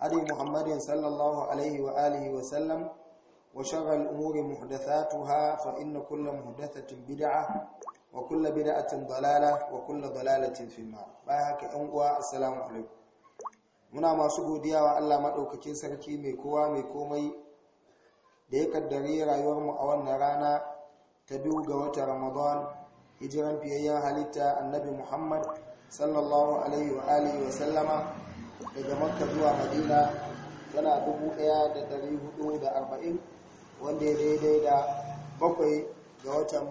هدي محمد صلى الله عليه وآله وسلم وشر الأمور محدثاتها فإن كل محدثة بدعة وكل بدعة ضلالة وكل ضلالة في النار باهك أنقوى السلام عليكم muna masu godiyawa wa Allah maɗaukakin sarki mai kowa mai komai da ya rayuwar mu a wannan rana ta biyu ga wata ramadan hijiran fiyayyen halitta annabi muhammad sallallahu alaihi wa alihi wa sallama daga makka zuwa madina tana 1440 wanda ya daidai da bakwai ga watan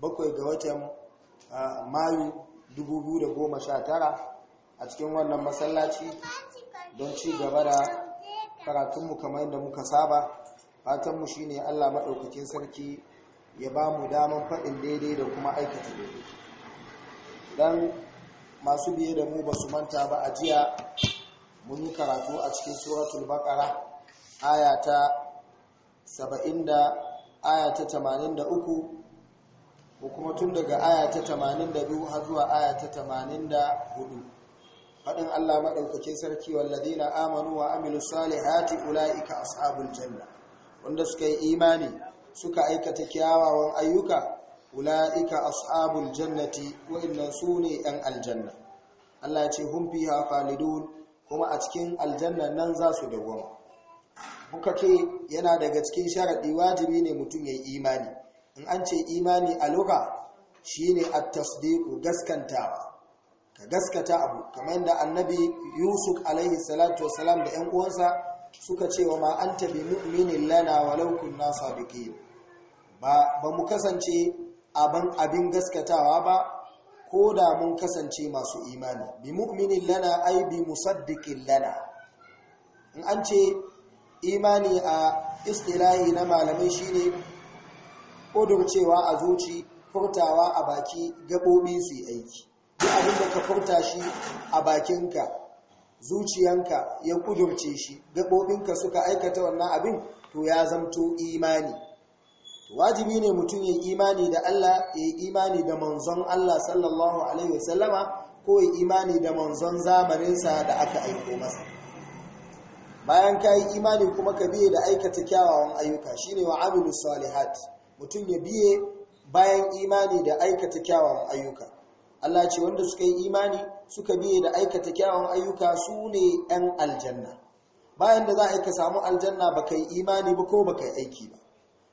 bakwai ga watan mayu 2019 a cikin wannan masallaci don ci gaba da karatunmu kamar yadda muka saba fatanmu shi ne Allah maɗaukakin sarki ya ba mu daman faɗin daidai da kuma aikata daidai masu biye da mu ba su manta ba a jiya mun yi karatu a cikin suratul baqara aya ta 70 da aya ta 83 ko kuma tun daga aya ta 82 har zuwa aya ta 84 fadin Allah madaukakin sarki walladina amanu wa amilus salihati ulaika ashabul janna wanda suka yi imani suka aikata kyawawan ayyuka ula'ika ashabul jannati wa'annan su ne yan aljanna Allah ya ce hum fiha khalidun kuma a cikin aljanna nan za su dawoma bukake yana daga cikin sharadi wajibi ne mutum ya yi imani in an ce imani a shi shine at-tasdiqu gaskantawa ka gaskata abu kamar yadda annabi yusuf alaihi salatu wasalam da yan uwansa suka ce wa ma anta bi mu'minin lana walau kunna da ba ba mu kasance aban abin gaskatawa ba ko da mun kasance masu imani bi mu'minin lana ai bi musaddiqin lana in an ce imani a istilahi na malamai shine ƙudurcewa a zuci furtawa a baki gaɓoɓi su yi aiki duk abin da ka furta shi a bakinka zuciyanka ya kudurce shi gaɓoɓinka suka aikata wannan abin to ya zamto imani wajibi ne mutum ya imani da Allah ya imani da manzon Allah sallallahu alaihi wasallama ko ya imani da manzon zamaninsa da aka aiko masa bayan ka yi imani kuma ka biye da aikata kyawawan ayyuka shine wa amilu salihat mutum ya biye bayan imani da aikata kyawawan ayyuka Allah ce wanda suka yi imani suka biye da aikata kyawawan ayyuka su ne 'yan aljanna bayan da za a ka samu aljanna baka yi imani ba ko baka yi aiki ba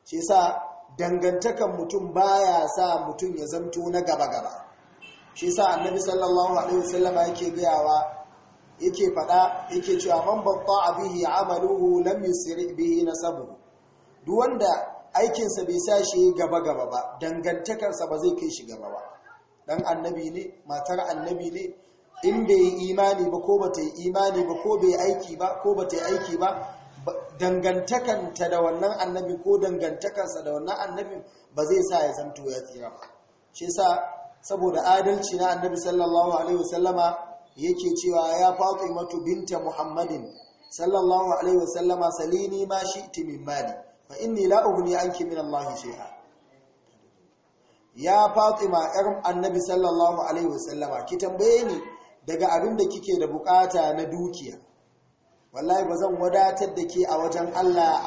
shi sa dangantakan mutum baya sa mutum ya zamto na gaba-gaba shi sa annabi sallallahu alaihi wasallama yake gayawa yake fada yake cewa man batta a amaluhu lam yusri bihi nasabu duk wanda aikinsa bai sa shi gaba-gaba ba dangantakarsa ba zai kai shi gaba ba dan annabi ne matar annabi ne in bai yi imani ba ko bata yi imani ba ko bai aiki ba ko bata yi aiki ba dangantakanta da wannan annabi ko dangantakansa da wannan annabin ba zai sa ya zanto ya tsira ba shi yasa saboda adalci na annabi sallallahu alaihi wasallama yake cewa ya fatimatu binta muhammadin sallallahu alaihi wasallama salini ma shi'ti mali fa inni la ughni anki min allahi shay'a ya fatima yar annabi sallallahu alaihi wasallama ki tambaye ni daga abin da kike da bukata na dukiya wallahi ba zan wadatar da ke a wajen Allah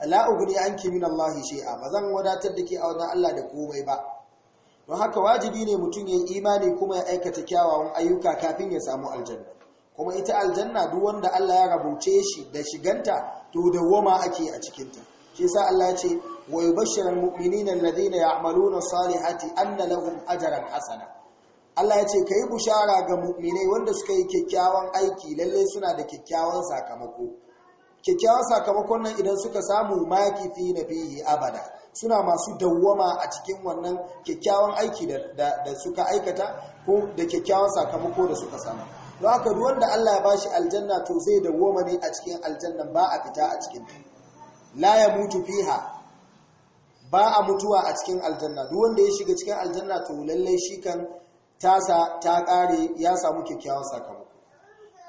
a an ke Allah shi'a ba zan wadatar da ke a wajen Allah da komai ba don haka wajibi ne mutum ya imani kuma ya aikata kyawawan ayyuka kafin ya samu aljanna kuma ita aljanna duk wanda Allah ya rabuce shi da shiganta to dawwama ake a cikinta shi sa Allah ya ce wa yubashshiral mu'minina alladhina ya'maluna salihati anna lahum ajran hasana Allah ya ce ka yi bushara ga mu'minai wanda suka yi kyakkyawan aiki lalle suna da kyakkyawan sakamako kyakkyawan sakamakon nan idan suka samu maki fi na fihi abada suna masu dawwama a cikin wannan kyakkyawan aiki da suka aikata ko da kyakkyawan sakamako da suka samu don haka wanda Allah ya bashi aljanna to zai dawwama ne a cikin aljannan ba a fita a cikin ta la ya mutu fiha ba a mutuwa a cikin aljanna duk wanda ya shiga cikin aljanna to lalle shi kan tasa ta ƙare ya samu kyakkyawan sakamako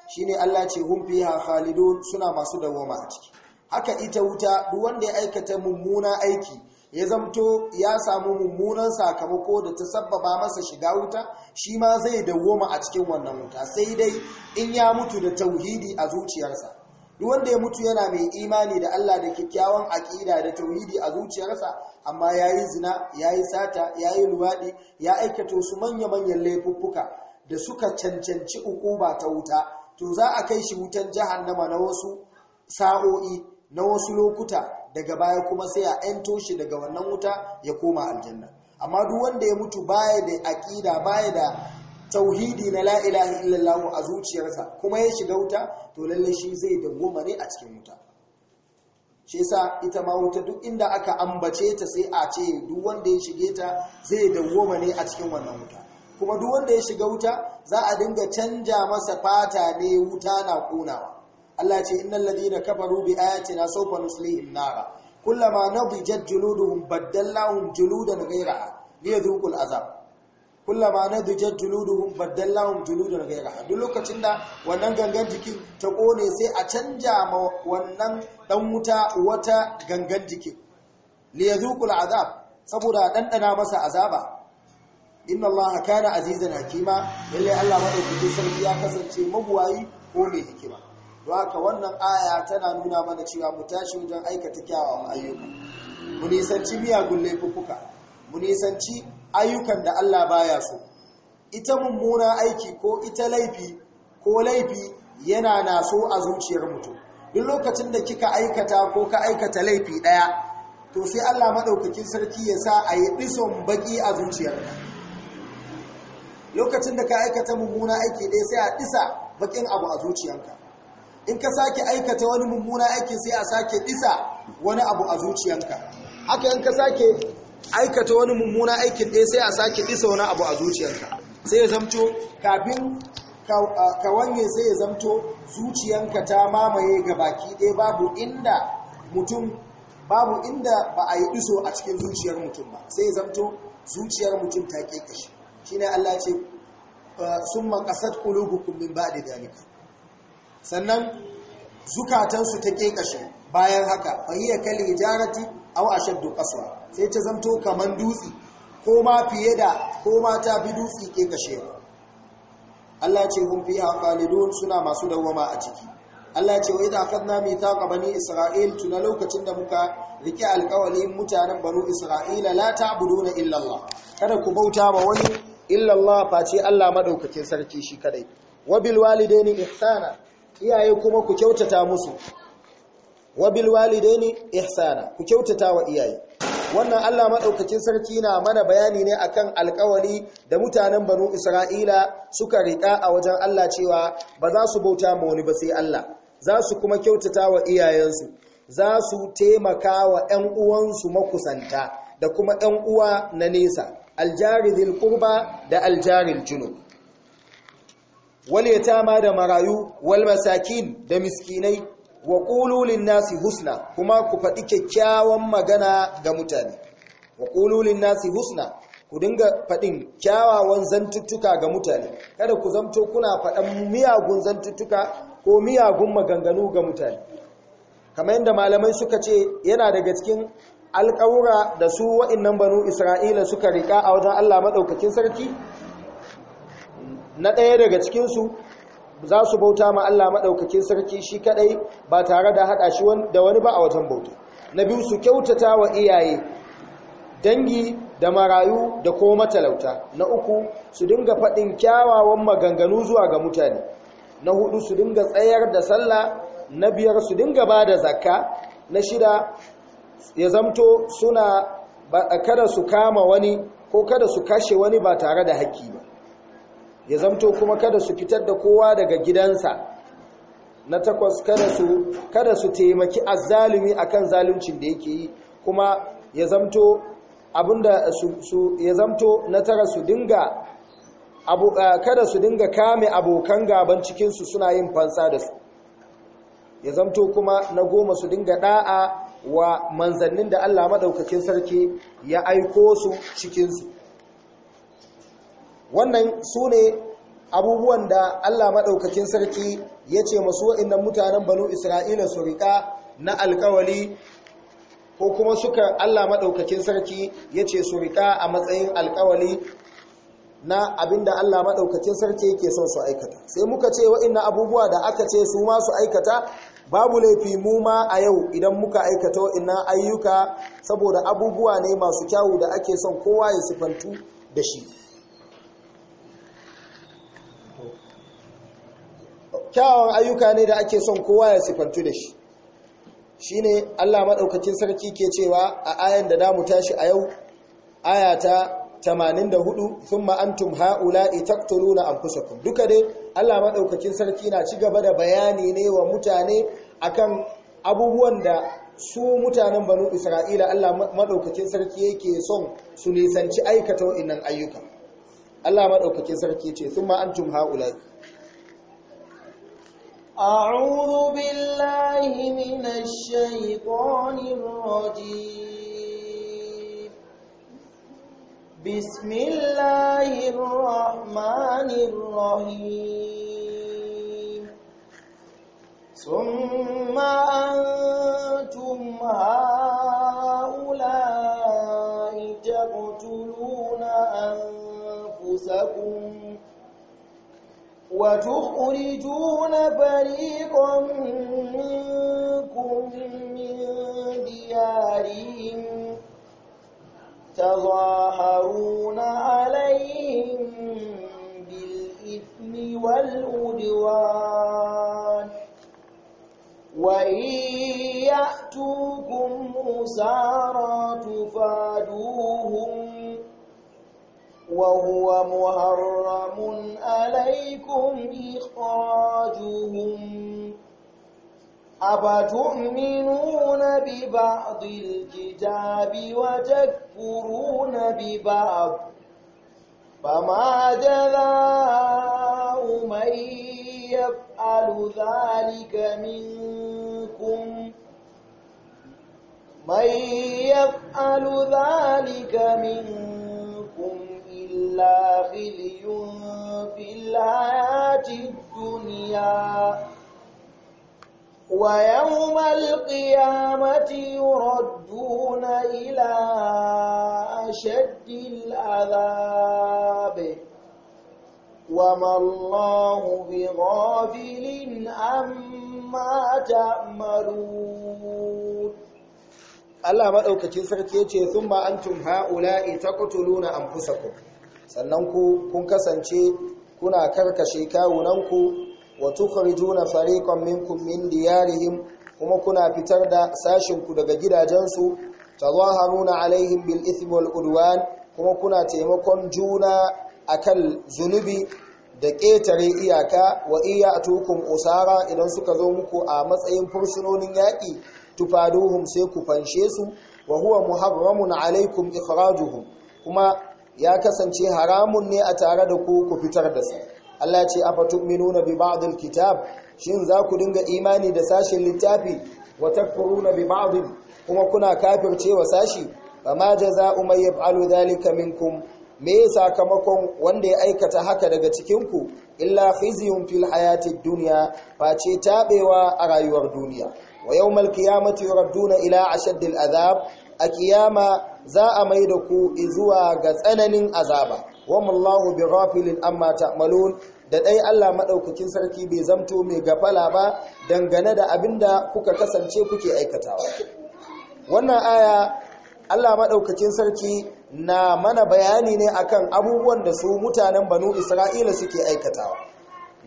shi ne Allah ce hum fiha Khalidu suna masu dawoma a ciki haka ita wuta duk wanda ya aikata mummuna aiki ya zamto ya samu mummunan sakamako da ta sabbaba masa shiga wuta shi ma zai dawoma a cikin wannan wuta sai dai in ya mutu da tauhidi a zuciyarsa duk wanda ya mutu yana mai imani da Allah da kyakkyawan aƙida da tauhidi a zuciyarsa amma yayi zina yayi sata yayi luwaɗi ya aikata su manya-manyan laifuffuka da suka cancanci ukuba ta wuta to za a kai shi wutan jahannama na wasu sa'o'i na wasu lokuta daga baya kuma sai a toshe shi daga wannan wuta ya koma aljanna amma duk wanda ya mutu baya da aƙida baya da tauhidi na La'ilahi illallahu lahu a zuciyarsa kuma ya shiga wuta to lalle shi zai dawoma ne a cikin wuta shi sa ita ma wuta duk inda aka ambace ta sai a ce duk wanda ya shige ta zai dawoma ne a cikin wannan wuta kuma duk wanda ya shiga wuta za a dinga canja masa fata ne wuta na konawa Allah ce innal ladina kafaru bi ayatina sawfa nuslihim nara kullama nadijat juluduhum baddallahum juludan ghayraha liyadhuqul azab kullama na dujar juluduhum baddallahum na gaira. duk lokacin da wannan gangan jikin ta kone sai a canja ma wannan dan wuta wata gangan jikin li yadhuqul azab saboda dandana masa azaba inna allaha kana azizan hakima lalle Allah madaukakin sarki ya kasance mabuwayi ko mai hikima don haka wannan aya tana nuna mana cewa mu tashi wajen aikata kyawawan ayyuka mu nisanci miyagun laifuffuka mu nisanci ayyukan da Allah baya so ita mummuna aiki ko ita laifi ko laifi yana na so a zuciyar mutum duk lokacin da kika aikata ko ka aikata laifi daya to sai Allah madaukakin sarki ya sa a yi dison baki a zuciyarka lokacin da ka aikata mummuna aiki daya sai a disa bakin abu a zuciyarka in ka sake aikata wani mummuna aiki sai a sake disa wani abu a zuciyarka haka in ka sake aikata wani mummuna aikin ɗaya sai a sake ɗisa wani abu a zuciyarka sai ya zamto kafin ka sai ya zamto zuciyanka ta mamaye ga baki ɗaya babu inda mutum babu inda ba a yi iso a cikin zuciyar mutum ba sai ya zamto zuciyar mutum ta ke kashi shi ne Allah ce sun makasar ƙulubu min ba da dalika sannan zukatansu ta ke kashi bayan haka fahiyar kalli jarati aw ashaddu qaswa sai ta zamto kaman dutsi ko ma fiye da ko ma ta bi dutsi ke kashe Allah ce hum fiha khalidun suna masu dawwama a ciki Allah ce wa idza akhadna mithaqa bani isra'il tuna lokacin da muka rike alƙawalin mutanen banu isra'ila la ta'buduna illa Allah kada ku bauta ma wani illa Allah face Allah madaukakin sarki shi kadai wa bil walidaini ihsana iyaye kuma ku kyautata musu wa bil walidaini ihsana ku kyautata wa iyaye wannan Allah madaukakin sarki na mana bayani ne akan alƙawari da mutanen banu Isra'ila suka riƙa a wajen Allah cewa ba za su bauta ma wani ba sai Allah za su kuma kyautata wa iyayensu za su taimaka wa ƴan uwansu makusanta da kuma ƴan uwa na nesa aljari dhil qurba da aljari junub wal yatama da marayu wal masakin da miskinai wa ƙululin nasi husna kuma ku faɗi kyakkyawan magana ga mutane wa ƙululin nasi husna ku dinga faɗin kyawawan zantuttuka ga mutane kada ku zamto kuna faɗan miyagun zantuttuka ko miyagun maganganu ga mutane kamar yadda malamai suka ce yana daga cikin alƙawura da su wa'innan banu isra'ila suka riƙa a wajen allah maɗaukakin sarki na ɗaya daga cikinsu za su bauta ma Allah maɗaukakin sarki shi kaɗai ba tare da haɗa shi da wani ba a watan bauta na biyu su kyautata wa iyaye dangi da marayu da ko matalauta na uku su dinga faɗin kyawawan maganganu zuwa ga mutane na hudu su dinga tsayar da sallah na biyar su dinga ba da zakka na shida ya zamto suna kada su kama wani ko kada su kashe wani ba tare da haƙƙi ba ya zamto kuma kada su fitar da kowa daga gidansa na takwas kada su kada su taimaki azzalumi akan zaluncin da yake yi kuma ya zamto abinda su, su ya zamto na tara su dinga abu uh, kada su dinga kame abokan gaban cikin su suna yin fansa da su ya zamto kuma na goma su dinga da'a wa manzannin da Allah madaukakin sarki ya aiko su cikin su wannan su ne abubuwan da Allah maɗaukakin sarki ya ce masu inda mutanen banu isra'ila su riƙa na alkawali ko kuma suka Allah maɗaukakin sarki ya ce su riƙa a matsayin alkawali na abinda Allah maɗaukakin sarki yake son su aikata sai muka ce wa'inna abubuwa da aka ce su ma su aikata babu laifi mu ma a yau idan muka aikata wa'innan ayyuka saboda abubuwa ne masu kyawu da ake son kowa ya sifantu da shi kyawawan ayyuka ne da ake son kowa ya sifantu da shi Shi ne Allah maɗaukakin sarki ke cewa a ayan da damu tashi a yau ayata aya ta 84 thumma antum haula'i na amfusakun duka dai Allah maɗaukakin sarki na ci gaba da bayani ne wa mutane akan abubuwan da su mutanen banu isra'ila Allah maɗaukakin sarki yake son su nisanci aikata wa'innan ayyuka Allah maɗaukakin sarki ce sun ma'antum ha'ulai أعوذ بالله من الشيطان الرجيم بسم الله الرحمن الرحيم ثم أنتم هؤلاء وتخرجون فريقا منكم من ديارهم تظاهرون عليهم بالإثم والعدوان وإن يأتوكم أسارى تفاهم وهو محرم عليكم إخراجهم أفتؤمنون ببعض الكتاب وتكفرون ببعض فما جزاء من يفعل ذلك منكم من يفعل ذلك منكم إلا خلي في الحياة الدنيا ويوم القيامة يردون إلى أشد العذاب وما الله بغافل عما تعملون Allah maɗaukakin sarki ya ce sun ba an tun ha'ula'i ta ƙutuluna an fusa ku. sannan ku kun kasance kuna karkashe kawunanku wa tukhrijuna fariqan minkum min diyarihim kuma kuna fitar da sashin ku daga gidajensu tazaharuna alaihim bil ithmi wal udwan kuma kuna taimakon juna a kan zunubi da ƙetare iyaka wa iya a tukun usara idan suka zo muku a matsayin fursunonin yaƙi tufaduhum sai ku fanshe su wa huwa muharramun alaikum ikhrajuhum kuma ya kasance haramun ne a tare da ku ku fitar da su Allah ce a fatu minuna bi ba'dil kitab shin za ku dinga imani da sashen littafi wa takfuruna bi ba'd kuma kuna kafircewa sashi fama jazaa'u may yaf'alu dhalika minkum me sakamakon wanda ya aikata haka daga cikin ku illa khizyun fil hayatid dunya face tabewa a rayuwar duniya wa yawmal qiyamati na ila ashaddil adhab a kiyama za a mai da ku zuwa ga tsananin azaba wallahu bi ghafilin amma ta'malun da dai Allah madaukakin sarki bai zamto mai gafala ba dangane da abinda kuka kasance kuke aikatawa wannan aya Allah madaukakin sarki na mana bayani ne akan abubuwan da su mutanen banu Isra'ila suke aikatawa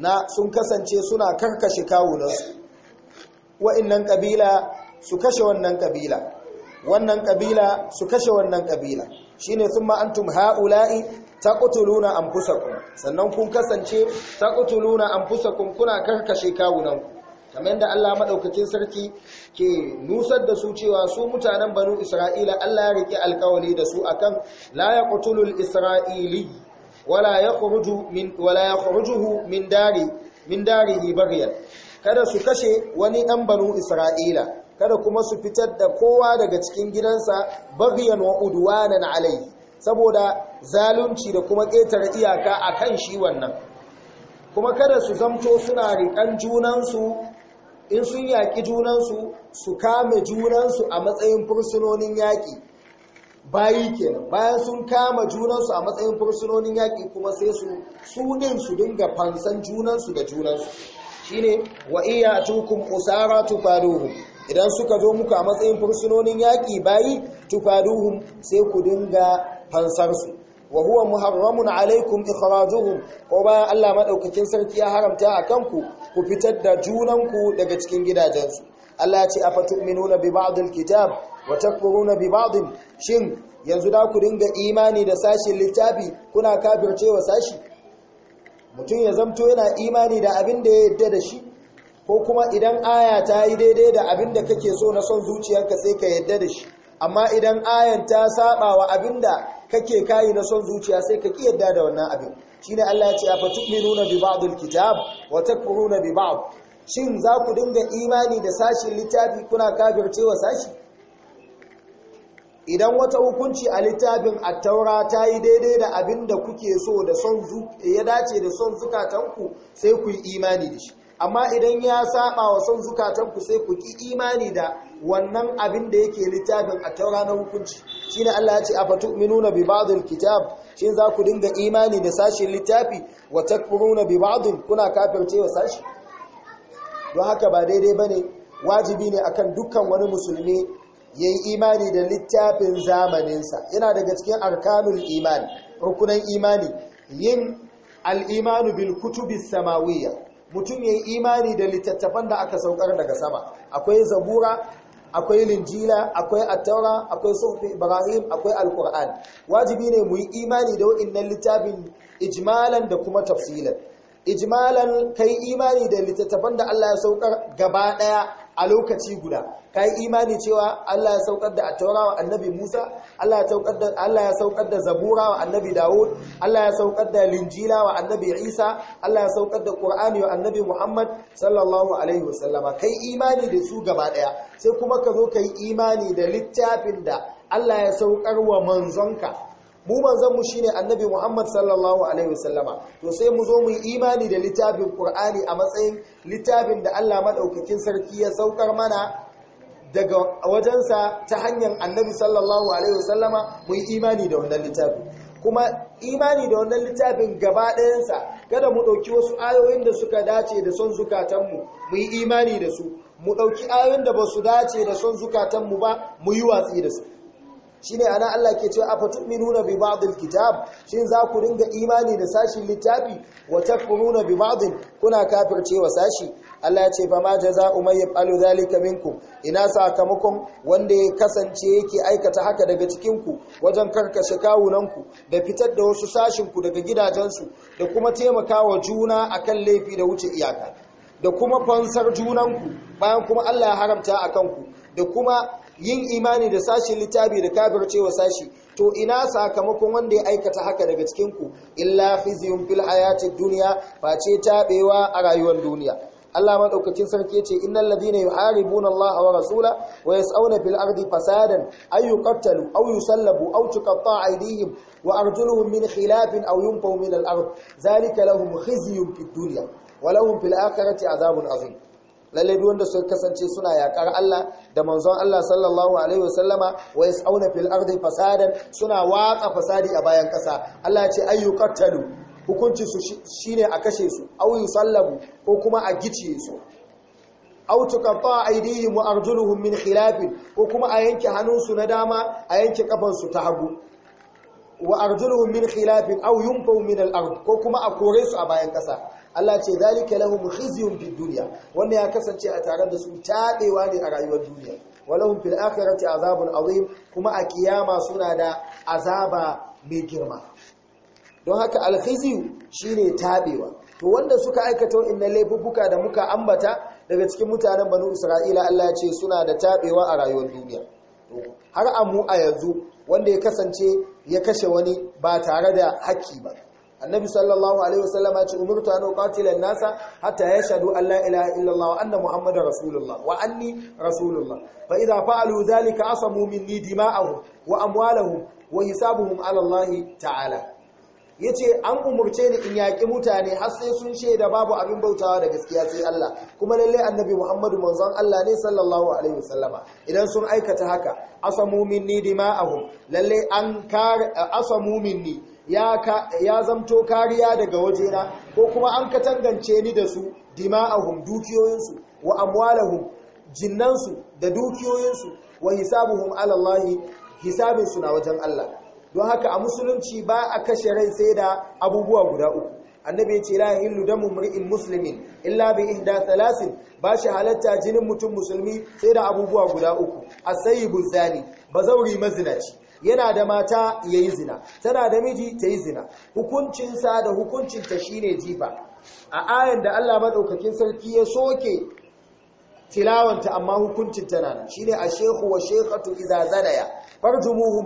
na sun kasance suna karkashe kawunansu wa'annan ƙabila su kashe wannan ƙabila. wannan kabila su kashe wannan kabila shine sun ma'antum haula'i taqtuluna anfusakum sannan kun kasance ta taqtuluna anfusakum kuna karkashe kawunanku kamar yadda Allah maɗaukacin sarki ke nusar da su cewa su mutanen banu Isra'ila Allah ya rike alkawali da su akan la ƙutulu isra'ili wala ya ƙuruju min dari min kada su kashe wani ɗan banu Isra'ila kada kuma su fitar da kowa daga cikin gidansa bagiyan wa udwanan alai saboda zalunci da kuma ƙetar iyaka a kan shi wannan kuma kada su zamto suna riƙan junansu in sun yaƙi junansu su kame junansu a matsayin fursunonin yaƙi bayi kenan bayan sun kama junansu a matsayin fursunonin yaƙi kuma sai su sunin su dinga fansan junansu da junansu shine wa iya usara tufaduhum idan suka zo muku a matsayin fursunonin yaƙi bayi tufaduhu, sai ku dinga fansarsu wa huwa muharramun alaikum ikhrajuhum ko bayan Allah madaukakin sarki ya haramta a kanku ku fitar da junanku daga cikin gidajensu Allah ya ce afatu'minuna bi ba'dil kitab wa takfuruna bi ba'din shin yanzu da ku dinga imani da sashin littafi kuna kafircewa sashi mutum ya zamto yana imani da abin da ya yadda da shi ko kuma idan aya ta yi daidai da abin da kake so na son zuciyarka sai ka yadda da shi amma idan ayan ta saba wa abin da kake kayi na son zuciya sai ka ki yadda da wannan abin shine Allah ya ce afa tu'minuna bi ba'dil kitab wa takfuruna bi ba'd shin za ku dinga imani da sashin littafi kuna kafircewa sashi idan wata hukunci a littafin attaura ta yi daidai da abin da kuke so da son ya dace da son zukatanku sai ku yi imani da shi amma idan ya saba wa son zukatanku sai ku ki imani da wannan abin da yake littafin a taura na hukunci shine Allah ya ce afatu'minuna bi ba'dil kitab shin za ku dinga imani da sashin littafi wa takfuruna bi ba'dil kuna wa sashi don haka ba daidai bane wajibi ne akan dukkan wani musulmi yayi imani da littafin zamaninsa yana daga cikin arkanul iman rukunan imani yin al-imanu bil kutubis samawiyya mutum ya yi imani da littattafan da aka saukar daga sama akwai zabura akwai linjila akwai attaura akwai sufi ibrahim akwai alkur'an wajibi ne mu yi imani da wa'innan littafin ijmalan da kuma tafsilan ijmalan kai imani da littattafan da Allah ya saukar gaba daya a lokaci guda ka yi imani cewa Allah ya saukar da attaura wa annabi Musa Allah ya saukar da zabura wa annabi Dawud Allah ya saukar da linjila wa annabi Isa Allah ya saukar da Qur'ani wa annabi Muhammad sallallahu alaihi wasallama kai imani da su gaba daya sai kuma ka zo ka yi imani da littafin da Allah ya saukar wa manzonka mu manzanmu shine annabi Muhammad sallallahu alaihi wasallama to sai mu zo mu yi imani da littafin Qur'ani a matsayin littafin da Allah madaukakin sarki ya saukar mana daga wajensa ta hanyar annabi sallallahu alaihi wasallama mu yi imani da wannan littafin kuma imani da wannan littafin gaba ɗayansa kada mu ɗauki wasu ayoyin da suka dace da son zukatanmu mu yi imani da su mu ɗauki ayoyin da ba su dace da son zukatanmu ba mu yi watsi da su shine ana Allah ke cewa afatu'minuna bi ba'dil kitab shin za ku ringa imani da sashin littafi wata takfuruna bi ba'din kuna kafircewa sashi Allah ya ce fa ma jazaa'u may yaf'alu dhalika minkum ina sakamakon wanda ya kasance yake aikata haka daga cikin ku wajen karkashe kawunan ku da fitar da wasu sashin ku daga gidajen su da kuma taimakawa juna akan laifi da wuce iyaka da kuma fansar junanku bayan kuma Allah ya haramta akan ku da kuma yin imani da sashin littafi da kafircewa sashi to ina sakamakon wanda ya aikata haka daga cikin ku illa khizyun fil hayatid dunya face tabewa a rayuwar duniya Allah madaukakin sarki yace innal ladina yuharibuna Allah wa rasula wa yas'una fil ardi fasadan ay yuqtalu aw yusallabu aw tuqatta aydihim wa arjuluhum min khilafin aw yunfaw min al ard zalika lahum khizyun fid dunya wa lahum fil akhirati adhabun azim lalle duk wanda suka kasance suna yakar Allah da manzon Allah sallallahu alaihi wasallama wa yas'auna fil ardi fasadan suna watsa fasadi a bayan kasa Allah ya ce ayyuqatalu hukunci su shine a kashe su aw yusallabu ko kuma a gice su aw tuqata aydihim wa arjuluhum min khilaf ko kuma a yanke hannunsu na dama a yanke kafansu ta hagu wa arjuluhum min khilaf aw yunfaw min al-ard ko kuma a kore su a bayan kasa Allah ce zalika lahum khizyun fid dunya Wanda ya kasance a tare da su tadewa ne a rayuwar duniya walahum fil akhirati azabun azim kuma a kiyama suna da azaba mai girma don haka alkhizyu shine tabewa to wanda suka aikata wa'annan laifuka da muka ambata daga cikin mutanen banu isra'ila Allah ya ce suna da tabewa a rayuwar duniya har amu a yanzu wanda ya kasance ya kashe wani ba tare da haƙƙi ba annabi sallallahu alaihi wasallam ya ce umirtu an uqatila an-nasa hatta yashhadu an la ilaha illallah wa anna muhammadar rasulullah wa anni rasulullah fa idha fa'alu dhalika asamu minni dima'ahum wa amwalahum wa hisabuhum ala allah ta'ala yace an umurce ni in yaki mutane har sai sun shaida babu abin bautawa da gaskiya sai Allah kuma lalle annabi muhammadu manzon Allah ne sallallahu alaihi wasallama idan sun aikata haka asamu minni dima'ahum lalle an kar asamu minni ya zamto kariya daga wajena ko kuma an ka tangance ni da su dima'ahum dukiyoyinsu wa amwalahum jinnansu da dukiyoyinsu wa hisabuhum alallahi hisabinsu na wajen Allah don haka a musulunci ba a kashe rai sai da abubuwa guda uku annabi ya ce la yahillu damu mri'in muslimin illa bi ihda thalasin ba shi halatta jinin mutum musulmi sai da abubuwa guda uku asayibu zani bazauri mazinaci yana da mata ya yi zina tana da miji ta yi zina hukuncinsa da hukuncinta shi ne jifa a ayan da allah maɗaukakin sarki ya soke tilawanta amma hukuncin tana nan ne a shehu wa shekatu iza zanaya farjumuhu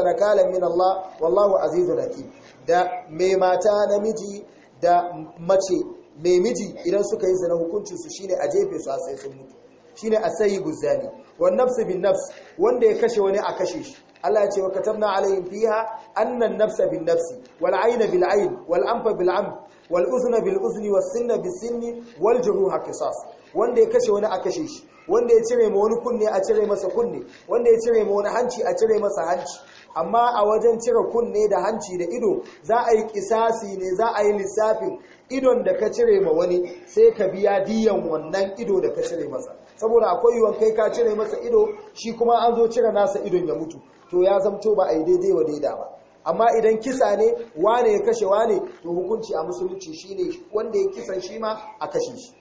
na kalan min Allah wallahu azizun da mai mata na miji da mace mai miji idan suka yi zina hukuncinsu shi ne a jefe su a sai sun mutu Shi ne a sayi guzani Wannan su bin nafs wanda ya kashe wani a kashe shi Allah ce wa katabna alaihim fiha Annan nafsa bin-nafsi wal-'ayna bil-'ayn wal-anfa bil-anf wal uzna bil uzni was-sinna bis-sinni wal-juruha qisas wanda ya kashe wani a kashe shi wanda ya cire ma wani kunne a cire masa kunne wanda ya cire ma wani hanci a cire masa hanci amma a wajen cire kunne da hanci da ido za a yi kisasi ne za a yi lissafin idon da ka cire ma wani sai ka biya diyan wannan ido da ka cire masa saboda akwai yiwuwar kai ka cire masa ido shi kuma an zo cire nasa idon ya mutu to ya zamto ba a yi daidai wa daida ba amma idan kisa ne wane ya kashe wane to hukunci a musulunci shine wanda ya kisan shi ma a kashe shi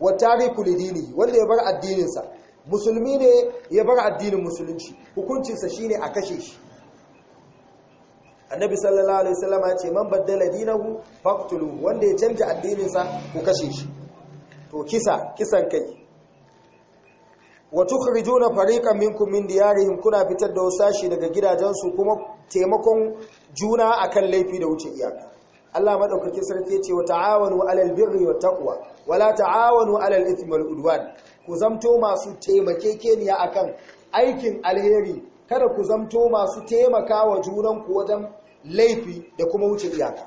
wa tariku lidini wanda ya bar addininsa musulmi ne ya bar addinin musulunci hukuncinsa shine a kashe shi annabi sallallahu alaihi wasallam ya ce man baddala dinahu faqtulu wanda ya canja addininsa ku kashe shi to kisa kisan kai wa tukhrijuna fariqan minkum min diyarihim kuna fitar da wasashi daga gidajensu kuma taimakon juna akan laifi da wuce iyaka Allah madaukakin sarki yace wa ta'awanu 'alal birri wat taqwa wa la ta'awanu 'alal ithmi wal ku zamto masu taimakekeniya akan aikin alheri kada ku zamto masu taimakawa junanku wajen laifi da kuma wuce iyaka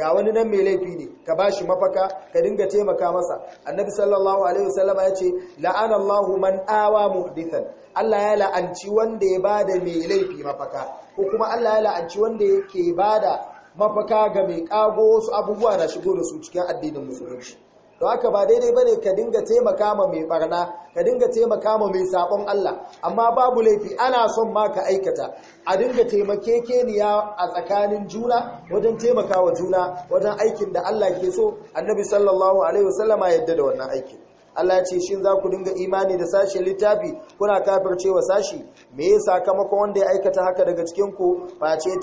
ga wani nan mai laifi ne ka ba shi mafaka ka dinga taimaka masa annabi sallallahu alaihi wasallama yace la'ana Allahu man awa muhdithan Allah ya la'anci wanda ya bada mai laifi mafaka ko kuma Allah ya la'anci wanda yake bada mafaka ga mai ƙago wasu abubuwa na shigo da su cikin addinin musulunci don haka ba daidai bane ka dinga taimaka ma mai barna ka dinga taimaka ma mai sabon Allah amma babu laifi ana son ma ka aikata a dinga taimake taimakekeniya a tsakanin juna wajen taimakawa juna wajen aikin da Allah ke so annabi sallallahu alaihi wasallama yadda da wannan aikin Allah ya ce shin za ku dinga imani da sashen littafi kuna cewa sashi me ya sakamakon wanda ya aikata haka daga cikin ku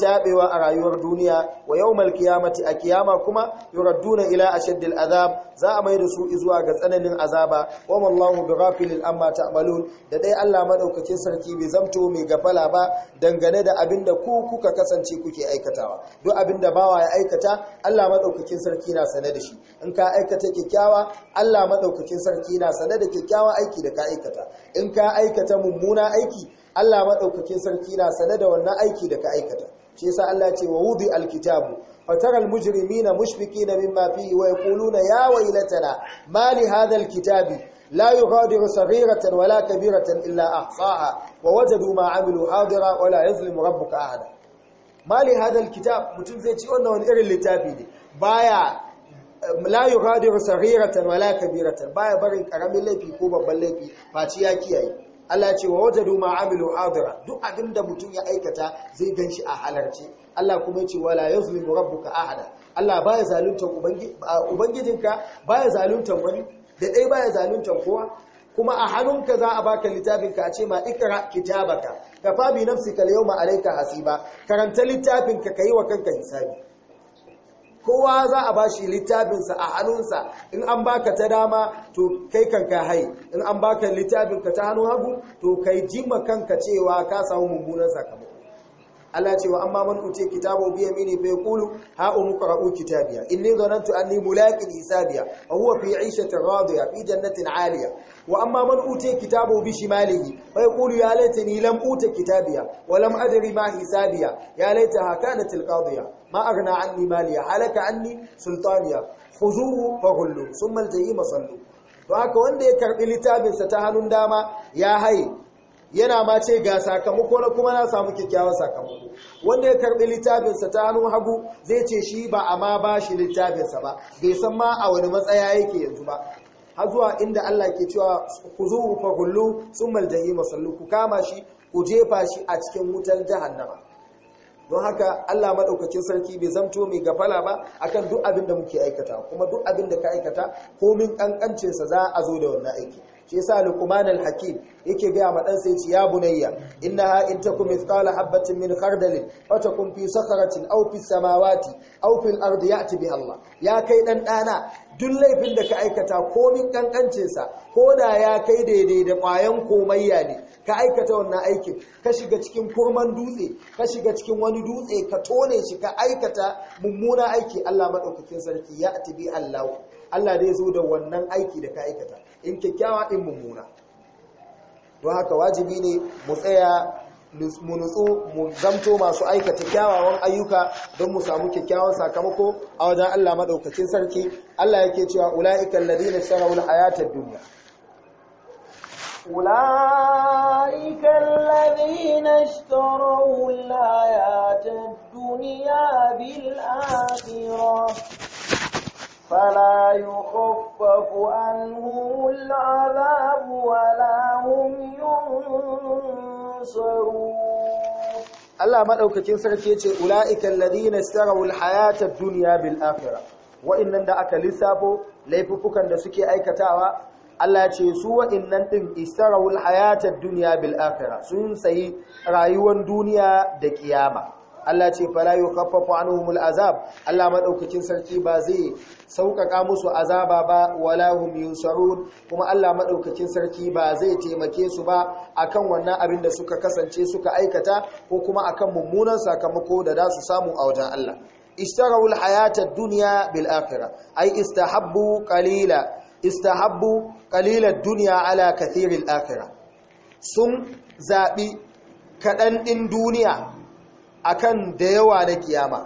tabewa a rayuwar duniya wa yawmal qiyamati a kiyama kuma yuradduna ila ashaddil azab za a da su zuwa ga tsananin azaba wa wallahu bighafilin amma ta'malun da dai Allah madaukakin sarki bai zamto mai gafala ba dangane da abinda ku kuka kasance kuke aikatawa duk abinda bawa ya aikata Allah madaukakin sarki na sane da shi in ka aikata kyakkyawa Allah madaukakin sarki kina sane da kyakkyawan aiki da ka aikata in ka aikata mummuna aiki Allah maɗaukakin sarki na sane da wannan aiki da ka aikata shi yasa Allah ce wa wudi alkitabu fataral mujrimina mushfiqina mimma fihi wa yaquluna ya waylatana ma li hadha kitabi. la yughadiru saghiratan wala kabiratan illa ahsaha wa wajadu ma amilu hadira wa la yuzlimu rabbuka ahada ma li hadha mutum zai ci wannan wani irin littafi ne baya la yughadiru saghiratan wala kabiratan baya barin karamin laifi ko babban laifi faci ya kiyaye Allah ce wa wajadu ma amilu adira duk abinda mutum ya aikata zai ganshi a halarci Allah kuma ce wala yuzlimu rabbuka ahada Allah baya zalunta ubangijinka baya zalunta wani da dai baya zalunta kowa kuma a hannunka za a baka littafinka a ce ma ikra kitabaka kafabi bi nafsika al-yawma alayka hasiba karanta littafinka yi wa kanka hisabi kowa za a bashi littafinsa a hannunsa in an baka ta dama to kai kanka hai in an baka littafinka ta hannun hagu to kai jima kanka cewa ka samu mummunan sakamako Allah ce wa amma man uce kitabu bi yamini fa yaqulu ha umqra'u kitabiya inni zanantu anni mulaqi hisabiya huwa fi 'ishatin radiya fi jannatin 'aliya wa amma man utiya kitabu bi shimalihi fa yaqulu ya laitani lam uta kitabiya wa lam ma hisabiya ya laitaha kanat alqadiya ma aghna anni maliya halaka anni sultaniya khuzuhu fa hullu thumma yi sallu to haka wanda ya karɓi littafinsa ta hannun dama ya haye yana ma ce ga sakamako na kuma na samu kyakkyawan sakamako wanda ya karɓi littafinsa ta hannun hagu zai ce shi ba a ma ba shi littafinsa ba bai san ma a wani matsaya yake yanzu ba har zuwa inda Allah ke cewa ku zo fa kullu summal jahima sallu ku kama shi ku jefa shi a cikin wutar jahannama don haka Allah madaukakin sarki bai zamto mai gafala ba akan duk abin da muke aikata kuma duk abin da ka aikata komin kankancin sa za a zo da wannan aiki shi yasa luqman al-hakim yake ga wa sai ci ya bunayya inna ha in takum mithqala habatin min fa fatakun fi sakharatin aw fi samawati aw al-ard ya'ti bi Allah ya kai dan dana duk laifin da ka aikata komin kankancinsa ko da ya kai daidai da ƙwayan komayya ne ka aikata wannan aikin ka shiga cikin kurman dutse ka shiga cikin wani dutse ka tone shi ka aikata mummuna aiki Allah madaukakin sarki ya bi Allah Allah zai zo da wannan aiki da ka aikata in kyakkyawa in mummuna don haka wajibi ne mu tsaya mu nutsu mu zamto masu aikata kyawawan ayyuka don mu samu kyakkyawan sakamako a wajen Allah maɗaukacin sarki Allah yake cewa ula'ikan ladina sharawul hayatad dunya أولئك الذين فلا يخفف عنهم العذاب ولا هم ينصرون Allah madaukakin sarki ce, ulaiikal ladina sarawu alhayata ad-dunya bil akhirah wa'annan da aka lissafo laifukan da suke aikatawa Allah ce su wa'annan din istarawul hayatad dunya bil akhirah sun sayi rayuwar duniya da ƙiyama. Allah ce fala yukaffafu anhumul azab Allah madaukakin sarki ba zai sauƙaƙa musu azaba ba wala hum yusarun kuma Allah madaukakin sarki ba zai taimake su ba akan wannan abin da suka kasance suka aikata ko kuma akan mummunan sakamako da za su samu a wajen Allah ishtarawul hayatad dunya bil akhirah ay istahabbu qalila istahabbu qalilad dunya ala kathiril akhirah sun zaɓi kaɗan ɗin duniya akan da yawa na kiyama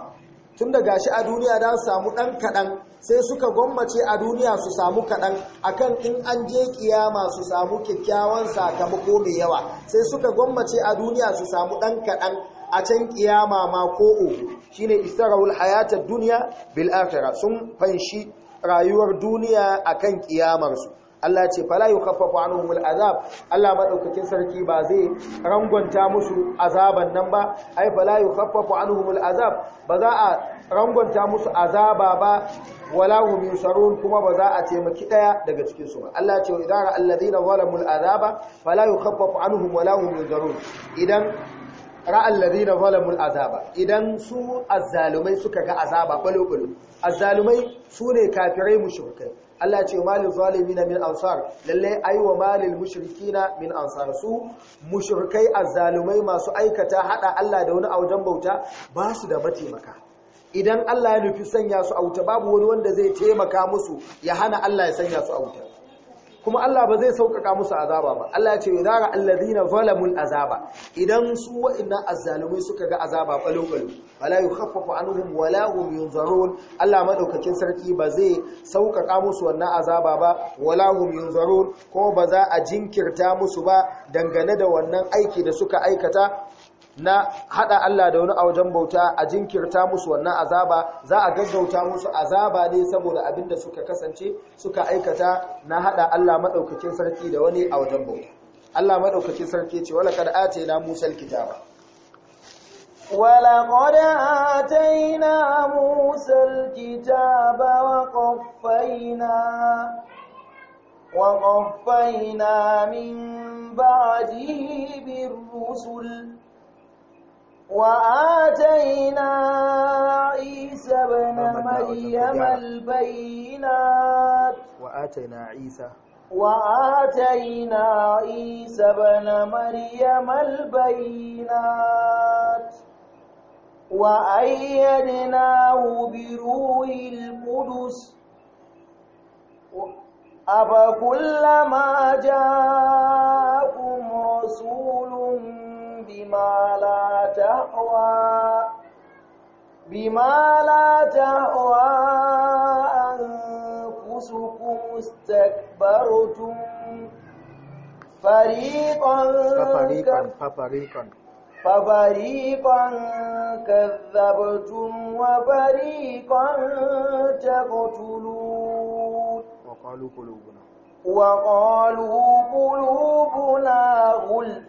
tun da gashi a duniya da samu ɗan kaɗan sai suka gwammace a duniya su samu kaɗan akan in an je kiyama su samu kyakkyawan sakamako mai yawa sai suka gwammace a duniya su samu ɗan kaɗan a can kiyama ma ko o shine isarawul hayatar duniya bil akhirah sun fanshi rayuwar duniya akan ƙiyamarsu. Allah ce fala yukaffafu anhumul azab Allah madaukakin sarki ba zai rangwanta musu azaban nan ba ai fala yukaffafu anhumul azab ba za a rangwanta musu azaba ba wala hum yusarun kuma ba za a taimaki daya daga cikin su ba Allah ce idan alladhina zalamul azaba fala yukaffafu anhum wala hum yuzarun idan ra'al ladina zalamul azaba idan su azzalumai suka ga azaba balo azzalumai azzalumai ne kafirai mushrikai Allah ce malil zalimina min ansar lalle aiwa malil mushrikina min ansar su mushrikai azzalumai masu aikata hada Allah da wani aujan bauta ba su da mataimaka idan Allah ya nufi sanya su auta babu wani wanda zai taimaka musu ya hana Allah ya sanya su auta. kuma Allah ba zai sauƙaƙa musu azaba ba Allah ya ce idara allazina zalamul azaba idan su wa'innan azzalumai suka ga azaba balokalo wala yukhaffafu anhum wala hum yunzarun Allah madaukakin sarki ba zai sauƙaƙa musu wannan azaba ba wala hum yunzarun ko ba za a jinkirta musu ba dangane da wannan aiki da suka aikata na hada Allah da wani a wajen bauta a jinkirta musu wannan azaba za a gaggauta musu azaba ne saboda abin da suka kasance suka aikata na hada Allah madaukakin sarki da wani a wajen bauta Allah madaukakin sarki ce wala kad atayna Musa alkitaba wala qad atayna Musa alkitaba wa qaffayna min من bir rusul. وآتينا عيسى بن مريم البينات وآتينا عيسى وآتينا عيسى بن مريم البينات وأيدناه بروح القدس أفكلما جاءكم رسول بما لا تهوى بما لا تهوى أنفسكم استكبرتم فريقا ففريقا ففريقا ففريقا كذبتم وفريقا تقتلون وقالوا قلوبنا وقالوا قلوبنا غلف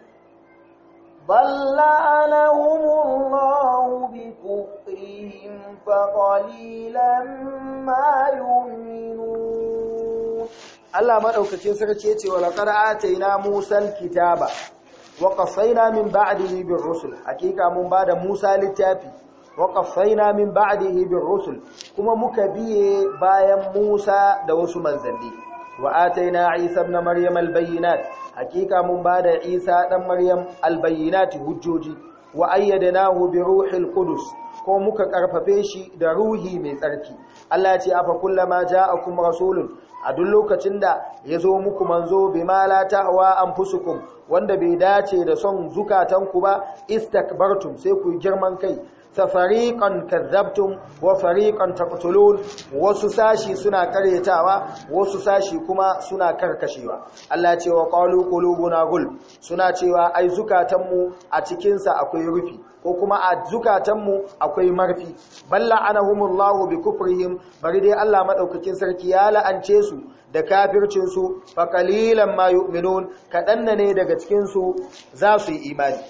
بل لعنهم الله بكفرهم فقليلا ما يؤمنون الله ما دوكاkin sarki yace wala qad ataina Musa alkitaba wa qaffayna min ba'dihi birrusul hakika mun bada Musa littafi wa qaffayna min ba'dihi birrusul kuma muka biye bayan Musa da wasu manzanni وآتينا عيسى ابن mun البينات حقيقة من بعد عيسى ابن hujjoji البينات هجوجي وأيدناه ruhil القدس ko muka karfafe shi da ruhi mai tsarki Allah ya ce afa kullama ja'akum rasulun a duk lokacin da ya zo muku manzo bima la ta'wa anfusukum wanda bai dace da son zukatanku ba istakbartum sai ku girman kai fariqan kadzabtum wa fariqan taqtulun wasu sashi suna karetawa wasu sashi kuma suna karkashewa Allah ce wa qalu qulubuna gul suna cewa ai zukatanmu a cikin sa akwai rufi ko kuma a zukatanmu akwai marfi balla anahumullahu bi kufrihim bari dai Allah madaukakin sarki ya la'ance su da kafircinsu fa qalilan ma yu'minun kadanna ne daga cikin su za su yi imani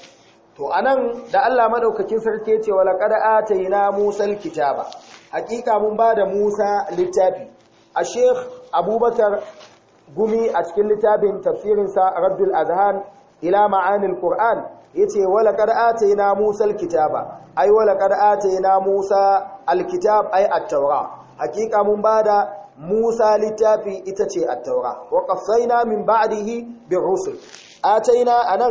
to anan da Allah madaukakin sarki yace wala qad atayna musal kitaba hakika mun bada musa littafi a sheikh abubakar gumi a cikin littafin tafsirin sa raddul azhan ila ma'anil qur'an yace wala qad atayna musal kitaba ai wala qad atayna musa alkitab ai at-taura hakika mun bada Musa littafi ita ce at-Taura wa qaffayna min ba'dihi bi rusul ataina anan